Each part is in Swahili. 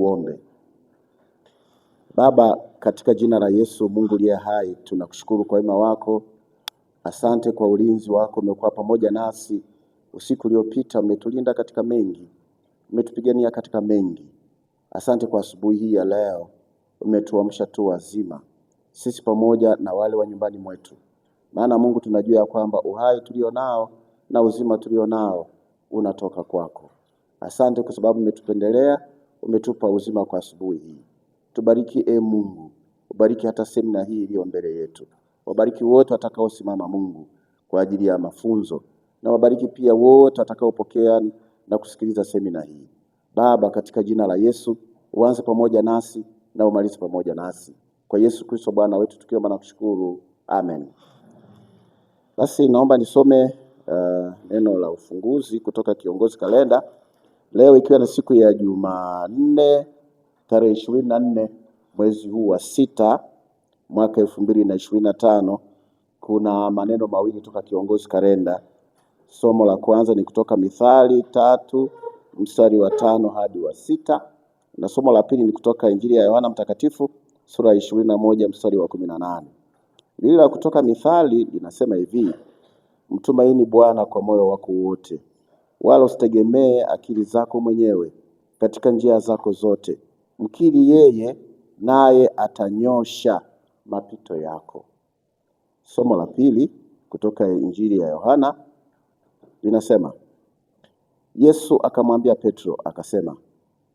Tuombe. Baba, katika jina la Yesu, Mungu liye hai, tunakushukuru kwa wema wako. Asante kwa ulinzi wako, umekuwa pamoja nasi usiku uliopita, umetulinda katika mengi, umetupigania katika mengi. Asante kwa asubuhi hii ya leo, umetuamsha tu wazima, sisi pamoja na wale wa nyumbani mwetu, maana Mungu tunajua ya kwamba uhai tulio nao na uzima tulio nao unatoka kwako. Asante kwa sababu umetupendelea umetupa uzima kwa asubuhi hii. Tubariki e Mungu, ubariki hata semina hii iliyo mbele yetu, wabariki wote watakaosimama Mungu kwa ajili ya mafunzo, na wabariki pia wote watakaopokea na kusikiliza semina hii. Baba, katika jina la Yesu, uanze pamoja nasi na umalize pamoja nasi, kwa Yesu Kristo Bwana wetu tukiomba na kushukuru, amen. Basi naomba nisome uh, neno la ufunguzi kutoka Kiongozi Kalenda. Leo ikiwa ni siku ya Jumanne tarehe ishirini na nne mwezi huu wa sita mwaka elfu mbili na ishirini na tano kuna maneno mawili toka Kiongozi Kalenda. Somo la kwanza ni kutoka Mithali tatu mstari wa tano hadi wa sita na somo la pili ni kutoka Injili ya Yohana Mtakatifu sura ya ishirini na moja mstari wa kumi na nane. Lile la kutoka Mithali linasema hivi: mtumaini Bwana kwa moyo wako wote wala usitegemee akili zako mwenyewe katika njia zako zote. Mkiri yeye, naye atanyosha mapito yako. Somo la pili kutoka Injili ya Yohana linasema, Yesu akamwambia Petro akasema,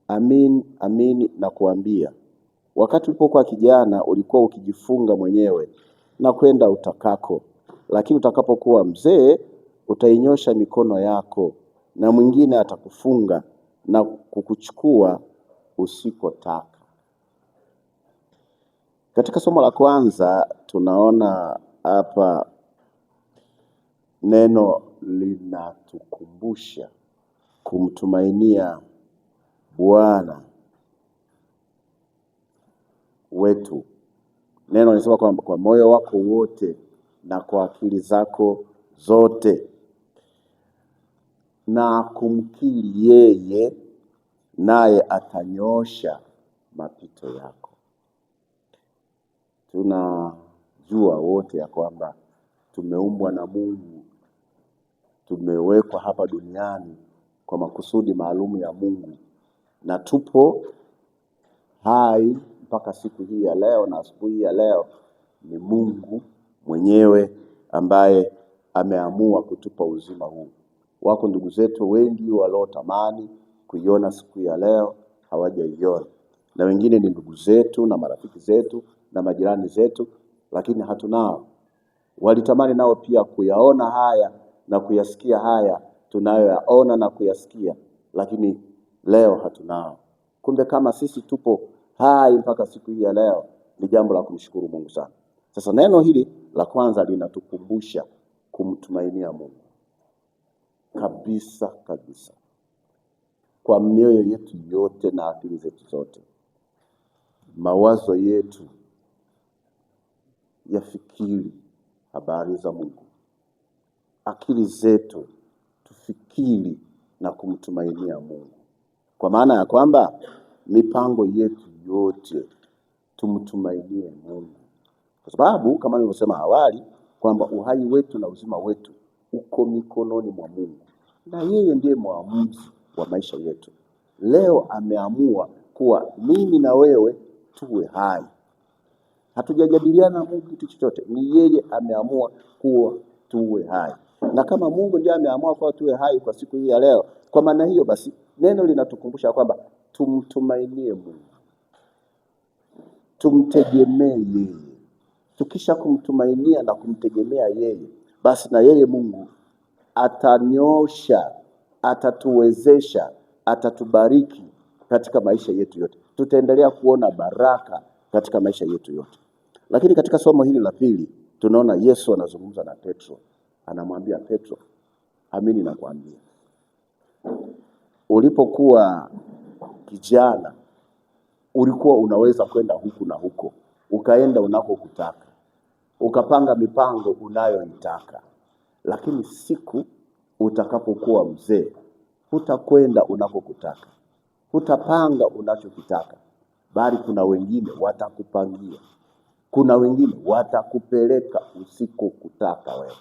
amin amin nakuambia, wakati ulipokuwa kijana ulikuwa ukijifunga mwenyewe na kwenda utakako, lakini utakapokuwa mzee utainyosha mikono yako na mwingine atakufunga na kukuchukua usikotaka. Katika somo la kwanza tunaona hapa neno linatukumbusha kumtumainia Bwana wetu. Neno linasema kwa, kwa moyo wako wote na kwa akili zako zote na kumkiri yeye, naye atanyosha mapito yako. Tunajua wote ya kwamba tumeumbwa na Mungu, tumewekwa hapa duniani kwa makusudi maalum ya Mungu na tupo hai mpaka siku hii ya leo na asubuhi ya leo ni Mungu mwenyewe ambaye ameamua kutupa uzima huu. Wako ndugu zetu wengi waliotamani kuiona siku ya leo hawajaiona, na wengine ni ndugu zetu na marafiki zetu na majirani zetu, lakini hatunao. Walitamani nao pia kuyaona haya na kuyasikia haya tunayoyaona na kuyasikia, lakini leo hatunao. Kumbe kama sisi tupo hai mpaka siku hii ya leo, ni jambo la kumshukuru Mungu sana. Sasa neno hili la kwanza linatukumbusha kumtumainia Mungu kabisa kabisa kwa mioyo yetu yote na akili zetu zote, mawazo yetu yafikiri habari za Mungu, akili zetu tufikiri na kumtumainia Mungu, kwa maana ya kwamba mipango yetu yote tumtumainie Mungu, kwa sababu kama nilivyosema awali kwamba uhai wetu na uzima wetu uko mikononi mwa Mungu na yeye ndiye mwamuzi wa maisha yetu. Leo ameamua kuwa mimi na wewe tuwe hai. Hatujajadiliana na Mungu kitu chochote, ni yeye ameamua kuwa tuwe hai, na kama Mungu ndiye ameamua kuwa tuwe hai kwa siku hii ya leo, kwa maana hiyo basi neno linatukumbusha kwamba tumtumainie Mungu, tumtegemee yeye. Tukisha kumtumainia na kumtegemea yeye, basi na yeye Mungu atanyosha, atatuwezesha, atatubariki katika maisha yetu yote. Tutaendelea kuona baraka katika maisha yetu yote. Lakini katika somo hili la pili tunaona Yesu anazungumza na Petro, anamwambia Petro, amini nakwambia, ulipokuwa kijana ulikuwa unaweza kwenda huku na huko, ukaenda unakokutaka ukapanga mipango unayoitaka, lakini siku utakapokuwa mzee hutakwenda unakokutaka, hutapanga unachokitaka, bali kuna wengine watakupangia, kuna wengine watakupeleka usikokutaka wewe.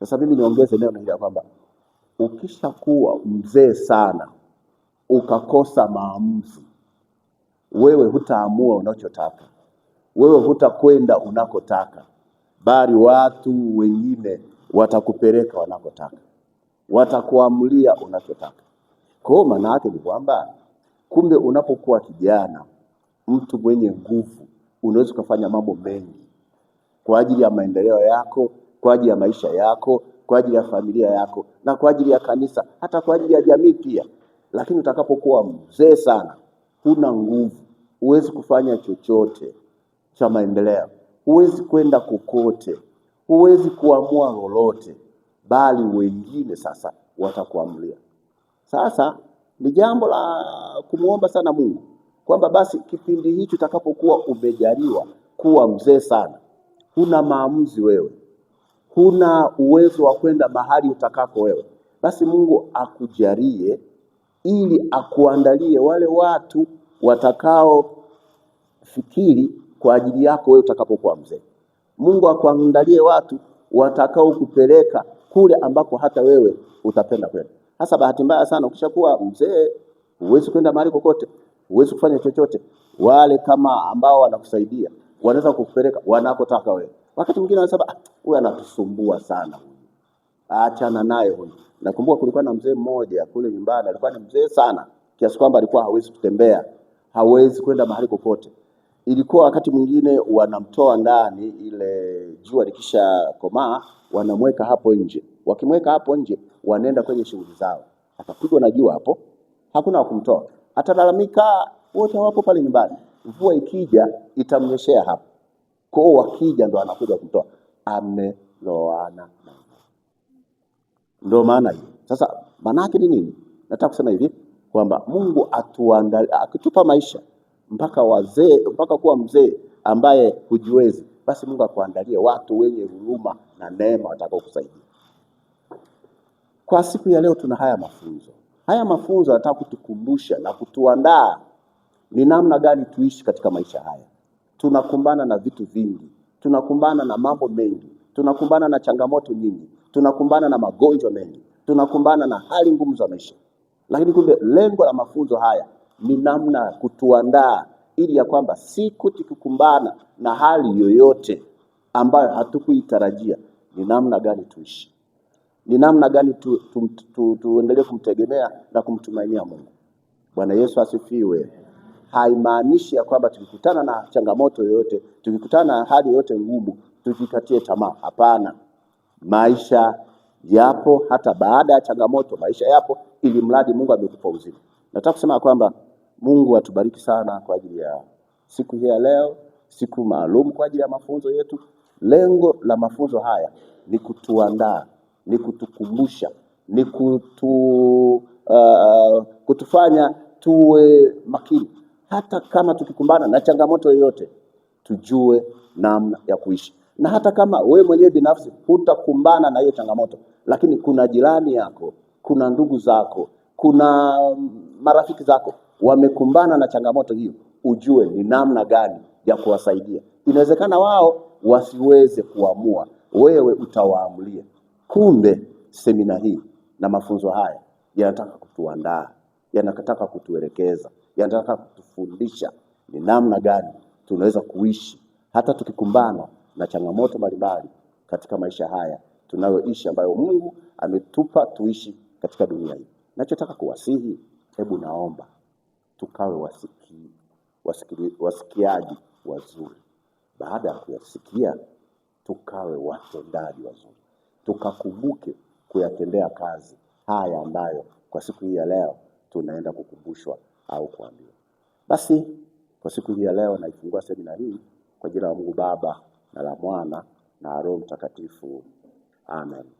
Sasa mimi niongeze neno hili kwamba ukishakuwa mzee sana ukakosa maamuzi, wewe hutaamua unachotaka, wewe hutakwenda unakotaka, bali watu wengine watakupeleka wanakotaka, watakuamulia unachotaka. Kwa hiyo maana yake ni kwamba kumbe, unapokuwa kijana, mtu mwenye nguvu, unaweza ukafanya mambo mengi kwa ajili ya maendeleo yako, kwa ajili ya maisha yako, kwa ajili ya familia yako, na kwa ajili ya kanisa, hata kwa ajili ya jamii pia. Lakini utakapokuwa mzee sana, huna nguvu, huwezi kufanya chochote cha maendeleo Huwezi kwenda kokote, huwezi kuamua lolote, bali wengine sasa watakuamulia. Sasa ni jambo la kumwomba sana Mungu kwamba basi kipindi hicho utakapokuwa umejaliwa kuwa mzee sana, huna maamuzi wewe, huna uwezo wa kwenda mahali utakako wewe, basi Mungu akujalie ili akuandalie wale watu watakao fikiri kwa ajili yako wewe utakapokuwa mzee. Mungu akuandalie watu watakao kupeleka kule ambako hata wewe utapenda kwenda. Hasa bahati mbaya sana, ukishakuwa mzee huwezi kwenda mahali kokote, huwezi kufanya chochote. Wale kama ambao wanakusaidia wanaweza kukupeleka wanakotaka wewe. Wakati mwingine wanasema ah, huyu anatusumbua sana, achana naye huyu. Nakumbuka kulikuwa na mzee mmoja kule nyumbani, alikuwa ni mzee sana kiasi kwamba alikuwa hawezi kutembea, hawezi kwenda mahali kokote ilikuwa wakati mwingine wanamtoa ndani, ile jua likisha komaa wanamweka hapo nje. Wakimweka hapo nje, wanaenda kwenye shughuli zao, atapigwa na jua hapo, hakuna wakumtoa, atalalamika. Wote wapo pale nyumbani, mvua ikija itamnyeshea hapo kwao, wakija ndo anakuja kumtoa. Ameloana, ndo maana hiyo. Sasa maana yake ni nini? Nataka kusema hivi kwamba Mungu atuandalie, akitupa maisha mpaka wazee, mpaka kuwa mzee ambaye hujiwezi, basi Mungu akuandalie watu wenye huruma na neema watakaokusaidia. Kwa siku ya leo tuna haya mafunzo. Haya mafunzo yanataka kutukumbusha na kutuandaa ni namna gani tuishi katika maisha haya. Tunakumbana na vitu vingi, tunakumbana na mambo mengi, tunakumbana na changamoto nyingi, tunakumbana na magonjwa mengi, tunakumbana na hali ngumu za maisha, lakini kumbe lengo la mafunzo haya ni namna ya kutuandaa ili ya kwamba siku tukikumbana na hali yoyote ambayo hatukuitarajia, ni namna gani tuishi, ni namna gani tu, tu, tu, tuendelee kumtegemea na kumtumainia Mungu. Bwana Yesu asifiwe. Haimaanishi ya kwamba tukikutana na changamoto yoyote, tukikutana na hali yoyote ngumu, tujikatie tamaa. Hapana, maisha yapo hata baada ya changamoto, maisha yapo, ili mradi Mungu amekupa uzima. Nataka kusema kwamba Mungu atubariki sana kwa ajili ya siku hii ya leo, siku maalum kwa ajili ya mafunzo yetu. Lengo la mafunzo haya ni kutuandaa, ni kutukumbusha, ni kutu, uh, kutufanya tuwe makini, hata kama tukikumbana na changamoto yoyote tujue namna ya kuishi, na hata kama we mwenyewe binafsi hutakumbana na hiyo changamoto, lakini kuna jirani yako, kuna ndugu zako, kuna mm, marafiki zako wamekumbana na changamoto hiyo, ujue ni namna gani ya kuwasaidia. Inawezekana wao wasiweze kuamua, wewe utawaamulia. Kumbe semina hii na mafunzo haya yanataka kutuandaa, yanataka kutuelekeza, yanataka kutufundisha ni namna gani tunaweza kuishi hata tukikumbana na changamoto mbalimbali katika maisha haya tunayoishi, ambayo Mungu ametupa tuishi katika dunia hii. Nachotaka kuwasihi, hebu naomba tukawe wasiki, wasiki, wasikiaji wazuri, baada ya kuyasikia tukawe watendaji wazuri, tukakumbuke kuyatendea kazi haya ambayo kwa siku hii ya leo tunaenda kukumbushwa au kuambiwa. Basi kwa siku hii ya leo naifungua semina hii kwa jina la Mungu Baba na la Mwana na Roho Mtakatifu, amen.